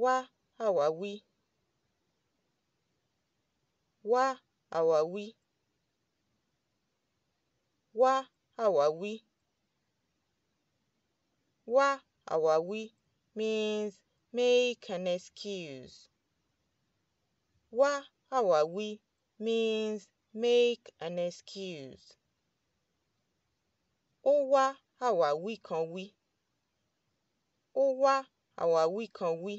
Wá àwáwí means make an excuse. Wá àwáwí means make an excuse. Ó wá àwáwí kan wí. Ó wá àwáwí kan wí.